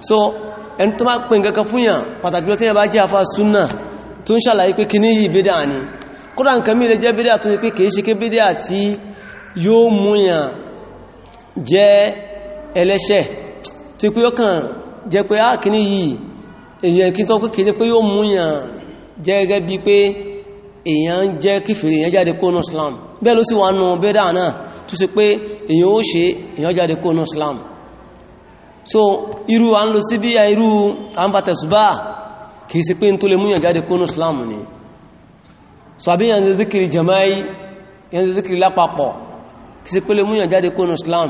[SPEAKER 1] so ẹni tó fún yàn pàtàkì bá jẹ́ afá súnà tó ń pé kí ní bídá ni kódà nǹkan mí jẹ́ bídá tó ní pé kìí ṣe kí bídá tí yóò mú yàn jẹ́ ẹlẹ́ṣẹ̀ kú jẹ́ pé ah, jẹ́ gẹ́gẹ́ bí pé èèyàn ń jẹ́ kífèrè èèyàn jáde kónú islam bẹ́ẹ̀ ló sì wà nù bẹ́dà náà tó sì pé èèyàn ó ṣe èèyàn jáde kónú islam so irú à ń lo sí bí irú à ń bá tẹ̀sùbá kì í sí pé n tó lè múyàn jáde kónú islam ni so àbí yàn zikiri jamai yàn zikiri lápapọ̀ kì í sí pé lè múyàn jáde kónú islam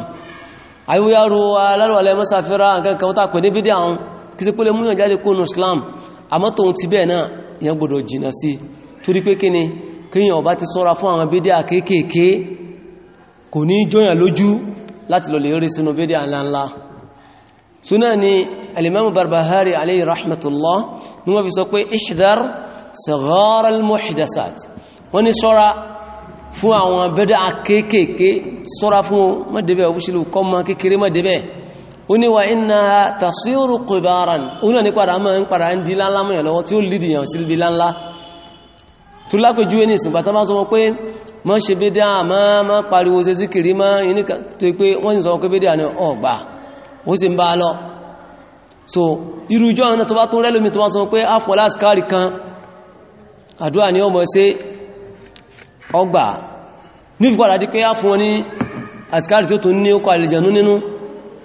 [SPEAKER 1] àyíwáyàrú alárùwàlẹ̀ mọ́sáfẹ́ra nǹkan kan tó tà pẹ̀ ní bídí àwọn kì í sí pé lè múyàn jáde kónú islam àmọ́ tóun ti bẹ́ẹ̀ náà ìyẹn gbọdọ̀ jìnà sí torí pé kí ni kíyàn ọba ti sọ́ra fún àwọn bídíà kéékèèké kò ní jọyàn lójú láti lọ lè rí sínú bídíà ńláńlá suna ni alimamu barbahari alayhi rahmatullah ni wọ́n fi sọ pé ihdar saghar al-muhdasat wọ́n ni sọ́ra fún àwọn bídíà kéékèèké sọ́ra fún mọ́dẹ̀bẹ̀ ó wa iná tasiru qibaran ó náà ní padà mọ́ ń padà ń di láńlá mọ́yàn lọ́wọ́ tí ó lìdì yàn sí ibi láńlá tó lápẹjú ẹni ìsìnkà tó bá sọ pé mọ́ ṣe bí dáa mọ́ mọ́ pariwo ṣe sí kiri mọ́ pé wọ́n sọ pé bí dáa so kan àdúrà ni ọmọ ṣe ọgbà nífi padà di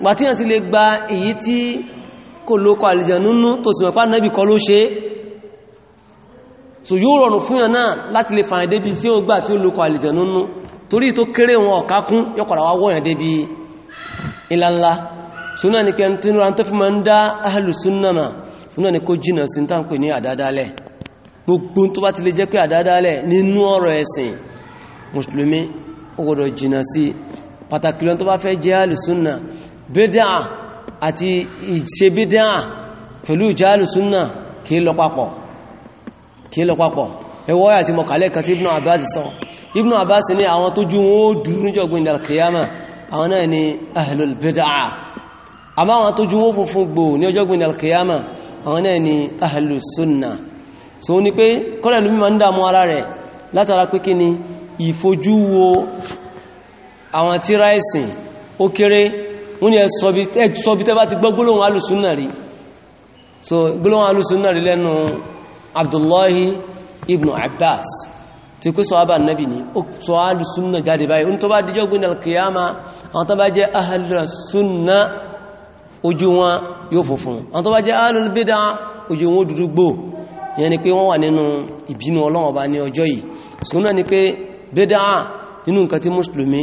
[SPEAKER 1] gbàtí yàn ti lè gba èyí tí kò lókọ àlìjànú nú tó sì mọ̀pá náà bí kọ ló ṣe so yóò rọrùn fún yàn náà láti lè fàyàn débi tí ó gbà tí ó lókọ àlìjànú nú torí tó kéré wọn ọ̀kákún yọ́kọ̀rọ̀ wá wọ́yàn débi ìlànlá súnà ma ń dá ahàlù súnà mà súnà ní kó jìnà sí tá ń pè ní àdádálẹ̀ gbogbo tó bá ti lè jẹ́ pé àdádálẹ̀ nínú pàtàkì lọ́n tó bá fẹ́ jẹ́ ahàlù bídá àti ìṣe bídá pẹ̀lú ìjálù súnnà kí lọ papọ̀ kí lọ papọ̀ ẹwọ́ àti mọ̀kálẹ̀ kan tí Ibn Abbas sọ Ibn Abbas ní àwọn tó jú wọn ó dúró níjọ̀gbìn al-qiyama àwọn náà ni ahlul bídá àmá àwọn tó jú wọn funfun gbò ní ọjọ́gbìn al àwọn náà ni ó kéré wọ́n ni ẹ̀sọ́bí tẹ́ bá ti gbọ́ gbólóhùn alùsùnà rí so gbólóhùn alùsùnà rí lẹ́nu Abdullahi ibn Abbas tí kó sọ́ábà nábi ní ó sọ alùsùnà jáde báyìí tó bá díjọ́ gbìn alkiyama àwọn tó bá jẹ́ ahàlùsùnà ojú wọn yóò funfun àwọn tó bá jẹ́ alùbídà ojú wọn dúdú gbò yẹn ni pé wọ́n wà nínú ìbínú Ọlọ́run sùnà ni pé bídà nínú nǹkan tí mùsùlùmí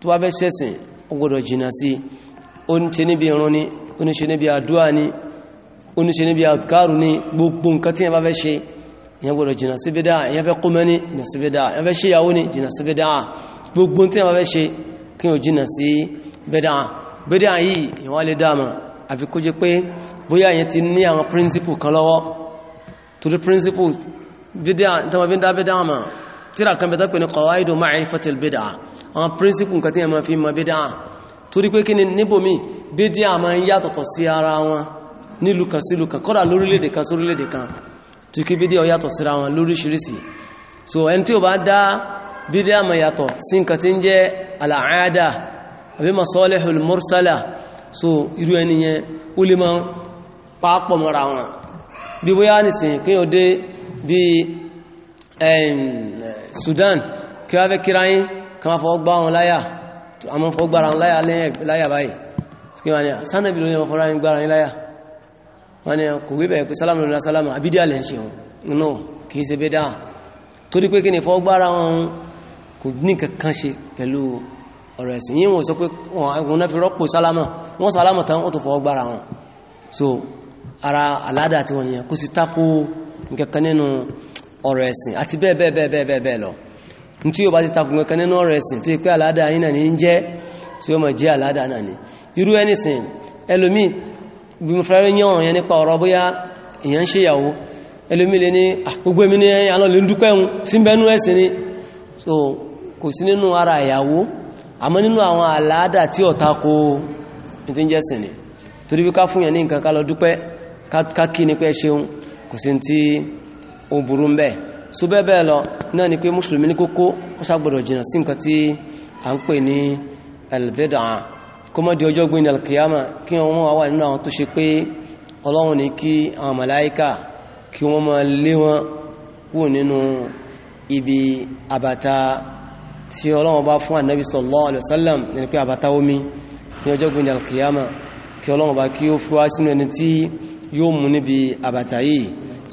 [SPEAKER 1] tó bá fẹ́ ṣẹ̀sìn ó gbọ́dọ̀ jìnà sí ó ń ṣe níbi ìrun ni ó ń ṣe níbi àdúà ni ó ń ṣe níbi àdúkárù ni gbogbo nǹkan tí ẹ bá fẹ́ ṣe ìyẹn gbọ́dọ̀ jìnà sí bídá ìyẹn fẹ́ kúmẹ́ ní jìnà sí bídá ìyẹn fẹ́ ṣe ìyàwó ní jìnà sí bídá gbogbo tí ẹ bá fẹ́ ṣe kí o jìnà sí bídá bídá yìí ìwọ́n lè dáàmà àfi kó jẹ́ pé bóyá ìyẹn ti ní àwọn príncipù kan lọ́wọ́ torí príncipù bídá tí wọ́n fi ń dá bídá mà tíra kan bẹ̀tọ́ pé ní qawaidu ma'rifatil bid'ah àwọn príncipù nǹkan tí a máa fi ma bid'ah torí pé kí ni níbòmí bid'ah máa ń yàtọ̀tọ̀ sí ara wọn nílùú kan sílùú kan kọ́dà lórílẹ̀-èdè kan sórílẹ̀-èdè kan tí kí bid'ah yàtọ̀ so ẹni tí ó bá dá bid'ah máa yàtọ̀ sí nǹkan tí ń jẹ́ al so irú ẹni yẹn ó lè máa pàápọ̀ mọ́ra wọn bí Sudan kí wá fẹ́ kíra yín kí wá fọwọ́ gbá wọn láyà àmọ́ fọwọ́ gbára wọn láyà láyà báyìí kí wá ní sánàbí ló ní ọmọ fọ́ra yín gbára yín láyà wọ́n ni kò wí bẹ̀rẹ̀ pé sálámù lọ́la sálámù àbídí àlẹ́ ṣe wọn náà kì í ṣe bẹ́ dáa torí pé kí ni fọwọ́ gbára wọn kò ní kankan ṣe pẹ̀lú ọ̀rọ̀ ẹ̀sìn yín wọ́n sọ pé wọn fi rọ́pò sálámù wọ́n sálámù tán ó tó fọwọ́ gbára wọn so ara aládàá tí wọ́n yẹn kò sí tako nǹkan kan nínú ọ̀rọ̀ ẹ̀sìn àti bẹ́ẹ̀ bẹ́ẹ̀ bẹ́ẹ̀ bẹ́ẹ̀ bẹ́ẹ̀ bẹ́ẹ̀ lọ tí yóò bá ti takùn kankan nínú ọ̀rọ̀ ẹ̀sìn tó yẹ pé àládà yìí náà ní ń jẹ́ tí ó mọ̀ jẹ́ àládà náà ni irú ẹni sìn ẹlòmíì bí mo fẹ́rẹ́ yán ọ̀rọ̀ yẹn nípa ọ̀rọ̀ bóyá èèyàn ń ṣe ìyàwó ẹlòmíì lè ní gbogbo èmi ní alọ́lẹ̀ so kò sí nínú ara ìyàwó àmọ́ nínú àwọn àládà tí ó tako ti ń jẹ́sìn ni torí bí ká fún ó burú ń bẹ so bẹ́ẹ̀ bẹ́ẹ̀ lọ náà ni pé mùsùlùmí ní kókó ó ṣàgbọ́dọ̀ jìnà sí nǹkan tí à ń pè ní albeda kó mọ́ di ọjọ́ gbìn alkiyama kí wọ́n wá wà nínú àwọn tó ṣe pé ọlọ́run ní kí àwọn màláíkà kí wọ́n máa lé wọn kúrò nínú ibi àbàtà tí ọlọ́run bá fún ànábì sallallahu alaihi ní pé àbàtà omi ní ọjọ́ gbìn alkiyama kí ọlọ́run bá kí ó fi wá sínú ẹni tí yóò mú níbi àbàtà yìí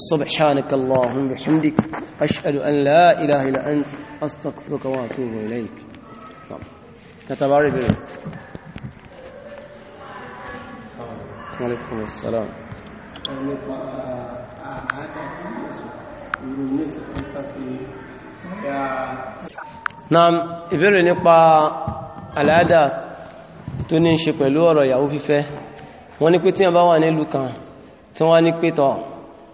[SPEAKER 1] سبحانك اللهم بحمدك أشهد أن لا إله إلا أنت أستغفرك وأتوب إليك تتبارك عليكم السلام Naam, ìbéèrè nípa àláàdà tó ní ṣe pẹ̀lú ọ̀rọ̀ ìyàwó fífẹ́. Wọ́n ní pé tí wọ́n bá wà nílùú kan tí wọ́n ní pé tọ́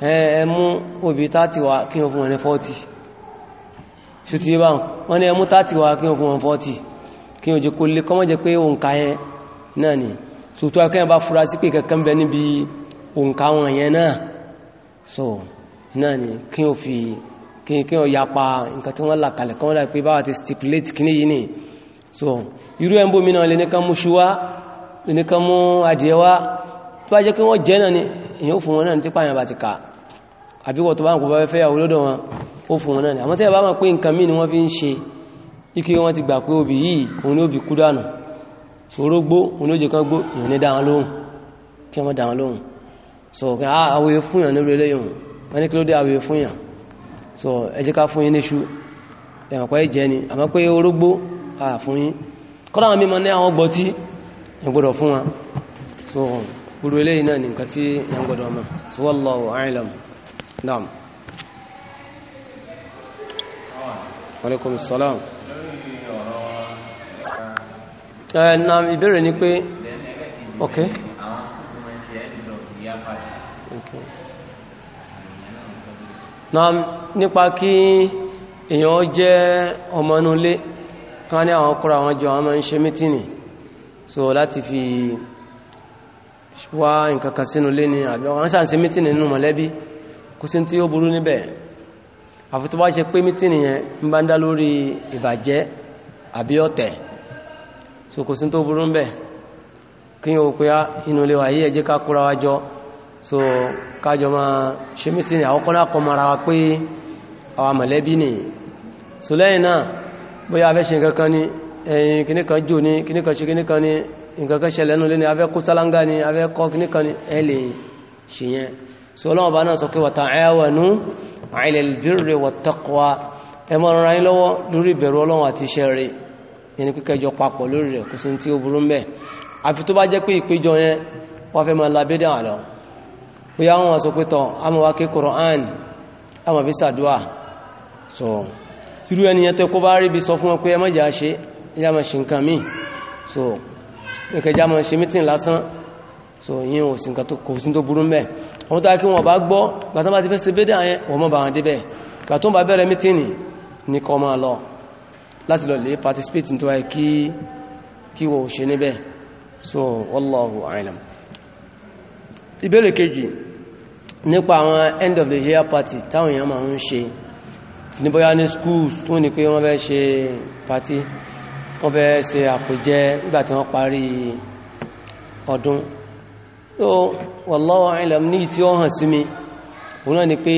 [SPEAKER 1] ẹmú obì tàti wà kí o fún ẹni 40 ṣùtì ibá wọ́n ni ẹmú tàti wà kí o fún ẹni 40 kí o jẹ kó lè kọ́mọ́ jẹ pé òǹkà yẹn náà ni ṣùtọ́ akẹ́yàn bá fura sí pé kankan bẹ níbi òǹkà wọn yẹn náà so náà ni kí yapa nǹkan tí wọ́n là kalẹ̀ kọ́mọ́ láì pé báwa so irú ẹ̀mbó mi náà lè ní kan mú ṣúwá lè ní kan bá jẹ́ pé wọ́n jẹ́ náà ni èyàn ò fún wọn náà ní tí bá ti kàá àbí wọ́n tó bá ń kò bá fẹ́ yàwó lọ́dọ̀ wọn ó fún wọn náà ni àmọ́ tí ẹ bá mọ̀ pé nǹkan mí ni wọ́n fi ń ṣe ikú wọn ti gbà pé obì yìí òun ni obì kú dànù ṣòrógbó òun gbó èèyàn so àwòye fún yàn lórí eléyìn wọ́n ní kí ló dé àwòye fún yàn so ẹ jẹ́ ká fún yín níṣu ni àmọ́ so gbogbo eléyìn náà ni nǹkan tí yàn gbọ́dọ̀ mọ̀ so wallahu a'lam naam alaikum salam ẹ̀ naam ìbéèrè ni pé ok naam nípa kí èèyàn jẹ́ ọmọ inú ilé kan ní àwọn kọ́ra àwọn jọ àwọn máa ń ṣe mítìnì so láti fi wá nǹkan kan sínú ilé ni àbí àwọn sáà ń ṣe mítìnì nínú mọ̀lẹ́bí kò sí tí ó burú níbẹ̀ àfi tó bá ṣe pé mítìnì yẹn ń bá ń dá lórí ìbàjẹ́ àbí ọ̀tẹ̀ so kò sí tó burú níbẹ̀ kí o pé ah, inú ilé wa yí ẹjẹ́ ká kúra wa jọ so kájọ máa ṣe mítìnì àkọ́kọ́ náà kọ́ ni so lẹ́yìn náà bóyá a ní ẹ̀yìn kìnnìkan sọlọ́wọ́ bá náà sọ pé wa ta'awanu 'ala al-birri wat-taqwa ẹ máa ran ara yín lọ́wọ́ lórí ìbẹ̀rù ọlọ́run àti iṣẹ́ rẹ̀ ẹni pé kẹjọ papọ̀ lórí rẹ̀ kò sí tí ó burú mẹ́ àfi tó bá jẹ́ pé ìpéjọ yẹn wọ́n fẹ́ máa labédà àlọ́ so ìkẹjá máa ṣe mítìn so yín ò sí nǹkan tó kò sí tó burú mẹ́ wọ́n tó kí wọ́n bá gbọ́ gbàtán bá ti fẹ́ ṣe bédè àyẹn wọ́n mọ́ bá wọn débẹ̀ gbàtán bá bẹ̀rẹ̀ mítíìnì ní kọ́ máa lọ láti lọ lè participate tó wáyé kí kí wọ́n ṣe níbẹ̀ so wallahu a'lam ìbéèrè kejì nípa àwọn end of the year party táwọn èèyàn máa ń ṣe tí ní bóyá ní schools to ní pé wọ́n fẹ́ ṣe party wọ́n fẹ́ ṣe àpèjẹ nígbà tí wọ́n parí ọdún so wallahu alam ní tí ó hàn sí mi òun náà ni pé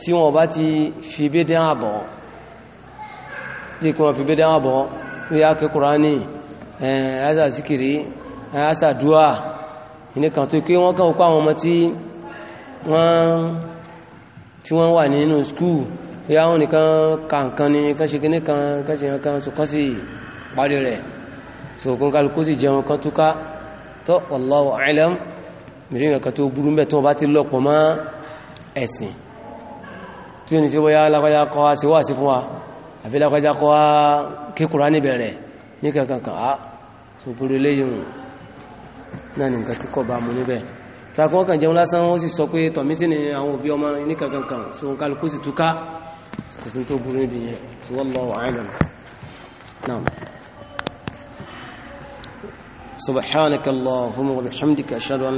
[SPEAKER 1] tí wọ́n bá ti fi bédé àbọ̀ tí kí wọ́n fi bédé àbọ̀ ní ákẹ́ kùránì ẹ̀ẹ́sà síkìrí ẹ̀ẹ́sà dúà ìníkan tó pé wọ́n kàn kó àwọn ọmọ tí wọ́n wà nínú skúù pé àwọn nìkan kàǹkan so kan sì parí rẹ̀ so kún kálukú sì mìírí nǹkan tó burú mẹ́ tó bá ti lọ́pọ̀ mọ́ ẹ̀sìn tí ó ní sí wọ́yá alákọ́já kọ́ wá sí wà sí fún wa àbí alákọ́já kọ́ wá kíkùrá níbẹ̀rẹ̀ ní kankan á tó burú léyìn náà nìkan tí kọ̀ bá mú níbẹ̀ takọ́ kan jẹun سبحانك اللهم وبحمدك أشهد أن